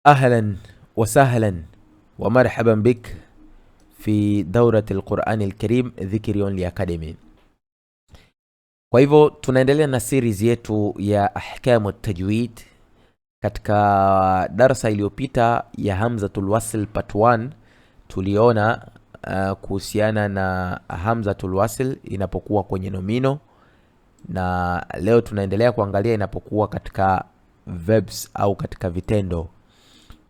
Ahlan wa sahlan wa marhaban bik fi daurati lqurani lkarim Dhikri Only Academy. Kwa hivyo tunaendelea na series yetu ya ahkamu tajwid. Katika darsa iliyopita ya hamzatul wasl part 1 tuliona uh, kuhusiana na hamzatul wasl inapokuwa kwenye nomino, na leo tunaendelea kuangalia inapokuwa katika verbs au katika vitendo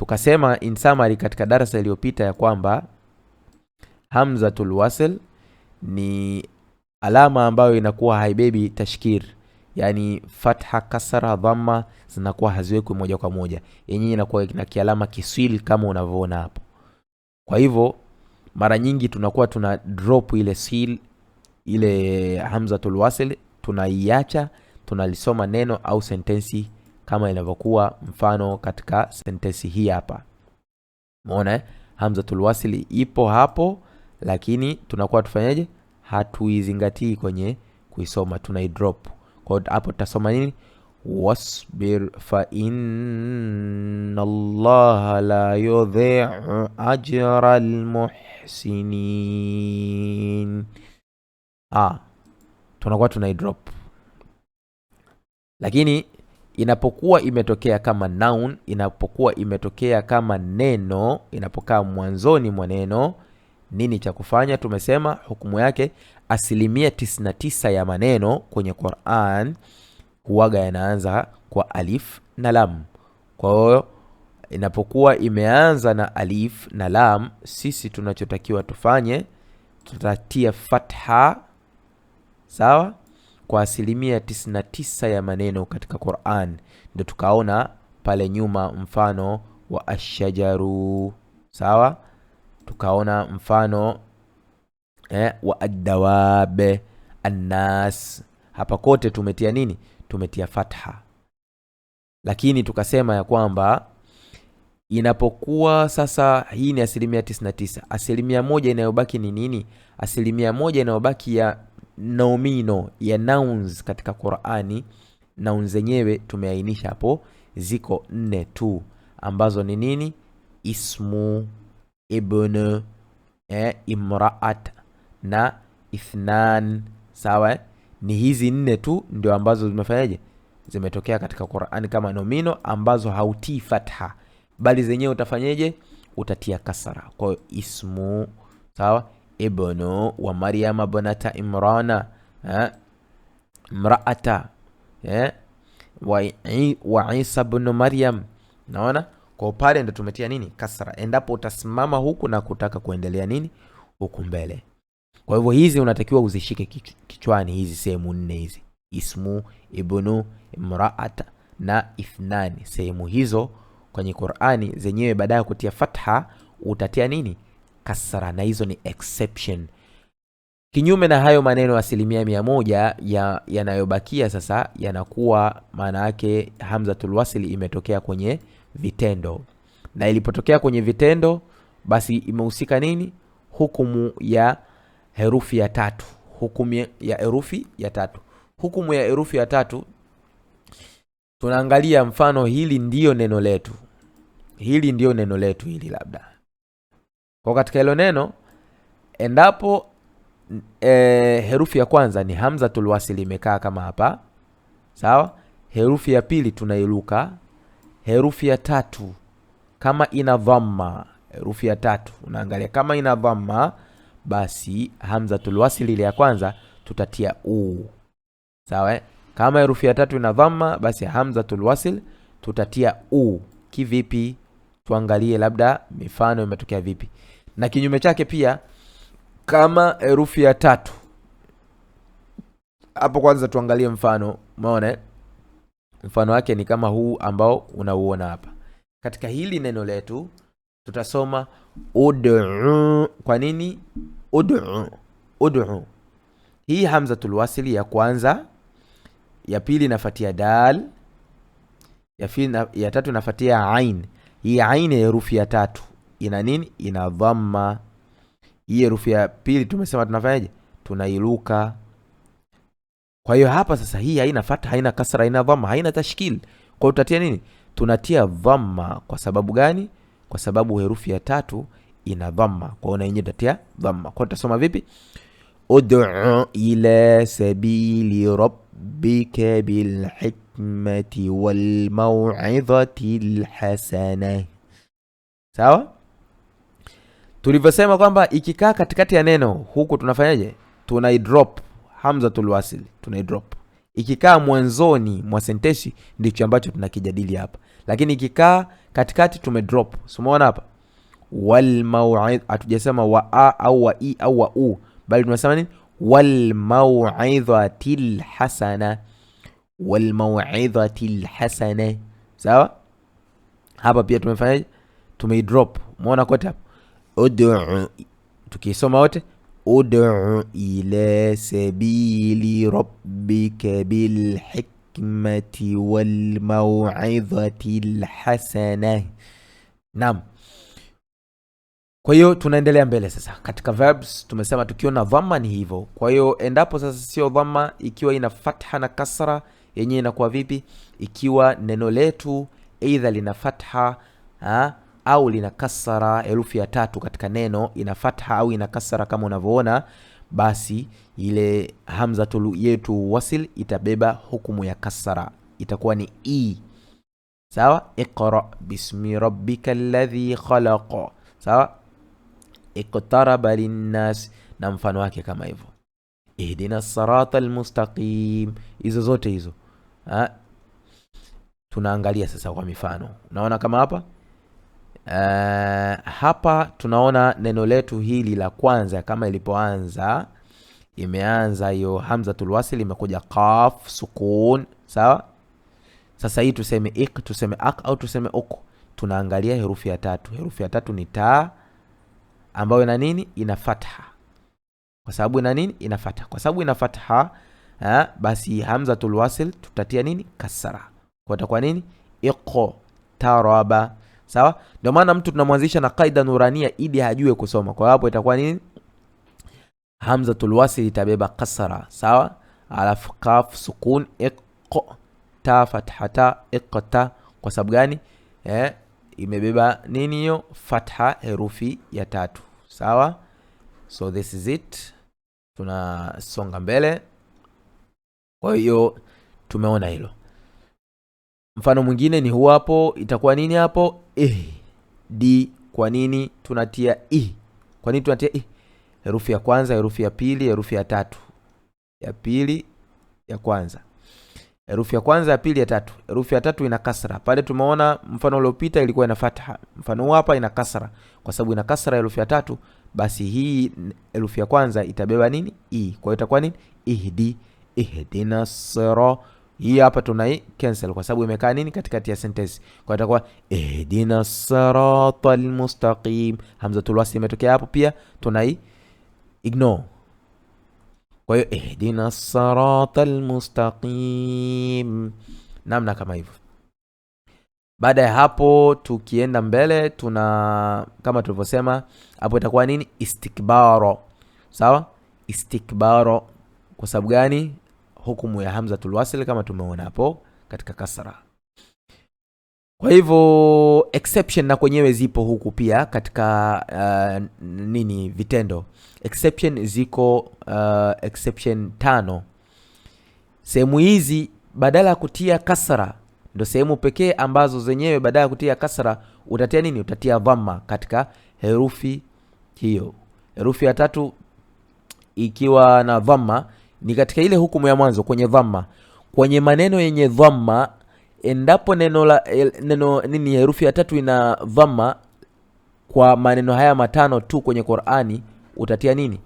Tukasema in summary katika darasa iliyopita ya kwamba hamzatul wasl ni alama ambayo inakuwa haibebi tashkir, yani fatha, kasra, dhamma zinakuwa haziwekwi moja kwa moja, yenyewe inakuwa na kialama kiswili kama unavyoona hapo. Kwa hivyo mara nyingi tunakuwa tuna drop ile seal, ile hamzatul wasl tunaiacha, tunalisoma neno au sentensi kama inavyokuwa mfano katika sentensi hii hapa. Umeona eh? ipo hapo, lakini tunakuwa tufanyaje Hatuizingatii kwenye kuisoma, tunaidrop. Kwa hiyo hapo tutasoma nini? Wasbir fa inna la yudhi'u ajra almuhsinin. Ah, tunakuwa tunaidrop, lakini inapokuwa imetokea kama noun, inapokuwa imetokea kama neno, inapokaa mwanzoni mwa neno, nini cha kufanya? Tumesema hukumu yake, asilimia 99 ya maneno kwenye Qur'an huwaga yanaanza kwa alif na lam. Kwa hiyo inapokuwa imeanza na alif na lam, sisi tunachotakiwa tufanye, tutatia fatha sawa kwa asilimia 99 ya maneno katika Qur'an. Ndio tukaona pale nyuma mfano wa ashajaru, sawa, tukaona mfano eh, wa adawabe, annas. Hapa kote tumetia nini? Tumetia fatha, lakini tukasema ya kwamba inapokuwa sasa, hii ni asilimia 99, asilimia moja inayobaki ni nini? Asilimia moja inayobaki ya nomino ya nouns katika Qur'ani, noun zenyewe tumeainisha hapo ziko nne tu, ambazo ni nini? Ismu, ibn, eh, imraat na ithnan. Sawa, eh? ni hizi nne tu ndio ambazo zimefanyaje, zimetokea katika Qur'ani kama nomino ambazo hautii fatha, bali zenyewe utafanyeje? Utatia kasara. Kwa ismu, sawa ibnu wa Maryama bnata Imrana mraata wa, wa Isa bnu Maryam. Naona kwa pale ndo tumetia nini kasra, endapo utasimama huku na kutaka kuendelea nini huku mbele. Kwa hivyo hizi unatakiwa uzishike kichwani, hizi sehemu nne hizi, ismu, ibnu, imraata na ithnani. Sehemu hizo kwenye Qur'ani zenyewe, baada ya kutia fatha utatia nini kasra, na hizo ni exception. Kinyume na hayo maneno asilimia mia moja ya yanayobakia sasa yanakuwa maana yake hamzatul imetokea kwenye vitendo, na ilipotokea kwenye vitendo, basi imehusika nini? Hukumu ya herufi ya tatu, hukumu ya herufi ya tatu, hukumu ya herufi ya tatu. Tunaangalia mfano, hili ndiyo neno letu, hili ndiyo neno letu, hili labda kwa katika hilo neno endapo e, herufi ya kwanza ni hamza wasli imekaa kama hapa, sawa. Herufi ya pili tunairuka. Herufi ya tatu kama ina dhamma, herufi ya tatu unaangalia kama ina dhamma, basi hamza wasli ile ya kwanza tutatia u, sawa. Kama herufi ya tatu ina dhamma, basi hamza tulwasil tutatia u. Kivipi? tuangalie labda mifano imetokea vipi. Na kinyume chake pia, kama herufi ya tatu hapo, kwanza tuangalie mfano. Umeona eh? mfano wake ni kama huu ambao unauona hapa. Katika hili neno letu tutasoma ud'u. Kwa nini ud'u? Ud'u hii hamzatul ya kwanza, ya pili inafatia dal, ya, ya tatu inafatia ain hii aina ya herufi ya tatu ina nini? Ina dhamma. Hii herufi ya pili tumesema tunafanyaje? Tunailuka. Kwa hiyo hapa sasa hii haina fatha, haina kasra, haina dhamma, haina tashkil. Kwa hiyo tutatia nini? Tunatia dhamma. Kwa sababu gani? Kwa sababu herufi ya tatu ina dhamma. Kwa hiyo na yenyewe tutatia dhamma. Kwa hiyo tutasoma vipi? Ud'u ila sabili rabb rabbika bilhikmati walmauidhati lhasana. Sawa, tulivyosema kwamba ikikaa katikati ya neno huku tunafanyaje? Tunaidrop hamza tunaidrop ikikaa mwanzoni mwa senteshi ndicho ambacho tunakijadili hapa, lakini ikikaa katikati tumedrop. Umeona hapa wal mau'id, hatujasema wa a au wa i au wa u, bali tunasema nini? والموعظة الحسنة والموعظة الحسنة سوا هابا بيا تمفاي تمي دروب مونا كوتا ادعو تكي سموت ادعو إلى سبيل ربك بالحكمة والموعظة الحسنة نعم Kwa hiyo tunaendelea mbele sasa katika verbs, tumesema tukiona dhamma ni hivyo. Kwa hiyo endapo sasa sio dhamma, ikiwa ina fatha na kasra, yenyewe inakuwa vipi? Ikiwa neno letu aidha lina fatha ha, au lina kasra, herufi ya tatu katika neno ina fatha au ina kasra kama unavyoona, basi ile hamza yetu wasil itabeba hukumu ya kasra, itakuwa ni i. Sawa, iqra bismi rabbika ladhi khalaq Sawa iktaraba linnas na mfano wake kama hivyo ihdina sarata almustaqim hizo zote hizo ha? tunaangalia sasa kwa mifano unaona kama hapa uh, hapa tunaona neno letu hili la kwanza kama ilipoanza imeanza hiyo hamzatul wasl imekuja qaf sukun sawa sasa hii tuseme ik tuseme ak au tuseme uk tunaangalia herufi ya tatu herufi ya tatu ni ta ambayo ina nini? Ina fatha. Kwa sababu ina nini? Ina fatha. Kwa sababu ina fatha basi hamzatul wasl tutatia nini? Kasra. Kwa itakuwa nini? taraba. Sawa? Ndio maana mtu tunamwanzisha na kaida nurania ili hajue kusoma. Kwa hapo itakuwa nini? Hamzatul wasl itabeba kasra. Sawa? Alafu kaf sukun iqo ta fathata iqta. Kwa sababu gani? Eh, imebeba nini hiyo? Fatha, herufi ya tatu. Sawa, so this is it. Tunasonga mbele. Kwa hiyo tumeona hilo. Mfano mwingine ni huu hapo. Itakuwa nini hapo? eh, d Kwa nini tunatia i? Kwa nini tunatia i? Herufi ya kwanza, herufi ya pili, herufi ya tatu, ya pili, ya kwanza herufi ya kwanza, ya pili, ya tatu. Herufi ya tatu ina kasra. Pale tumeona mfano uliopita ilikuwa ina fatha, mfano huu hapa ina kasra. Kwa sababu ina kasra herufi ya tatu, basi hii herufi ya kwanza itabeba nini? I. Kwa hiyo itakuwa nini? Ihdi, ihdina sira. Hii hapa tunai cancel kwa sababu imekaa nini katikati ya sentence. Kwa hiyo itakuwa ihdina siratal mustaqim. Hamzatul imetokea hapo pia tunai ignore. Kwa ihdina sirata lmustaqim namna kama hivyo. Baada ya hapo, tukienda mbele, tuna kama tulivyosema hapo, itakuwa nini? Istikbaro, sawa. Istikbaro kwa sababu gani? Hukumu ya hamzatul wasl kama tumeona hapo katika kasra. Kwa hivyo exception na kwenyewe zipo huku pia katika uh, nini vitendo exception ziko uh, exception tano. Sehemu hizi badala ya kutia kasra ndo sehemu pekee ambazo zenyewe badala ya kutia kasra utatia nini? Utatia dhamma katika herufi hiyo. Herufi ya tatu ikiwa na dhamma ni katika ile hukumu ya mwanzo kwenye dhamma, kwenye maneno yenye dhamma endapo neno la neno nini herufi ya tatu ina dhamma kwa maneno haya matano tu kwenye Qur'ani, utatia nini?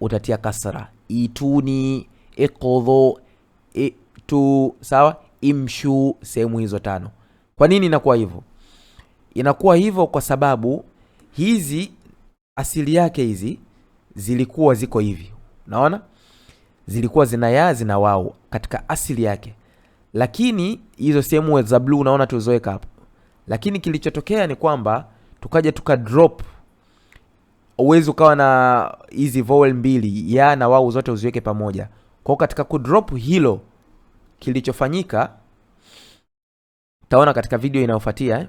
Utatia kasra, ituni, iqdhu, itu, sawa, imshu, sehemu hizo tano. Kwa nini inakuwa hivyo? Inakuwa hivyo kwa sababu hizi asili yake hizi zilikuwa ziko hivi, naona zilikuwa zina yaa zina wao katika asili yake lakini hizo sehemu za blue unaona tulizoeka hapo, lakini kilichotokea ni kwamba tukaja tuka drop uwezi ukawa na hizi vowel mbili ya na wau zote uziweke pamoja. Kwa katika kudrop hilo kilichofanyika taona katika video inayofuatia eh?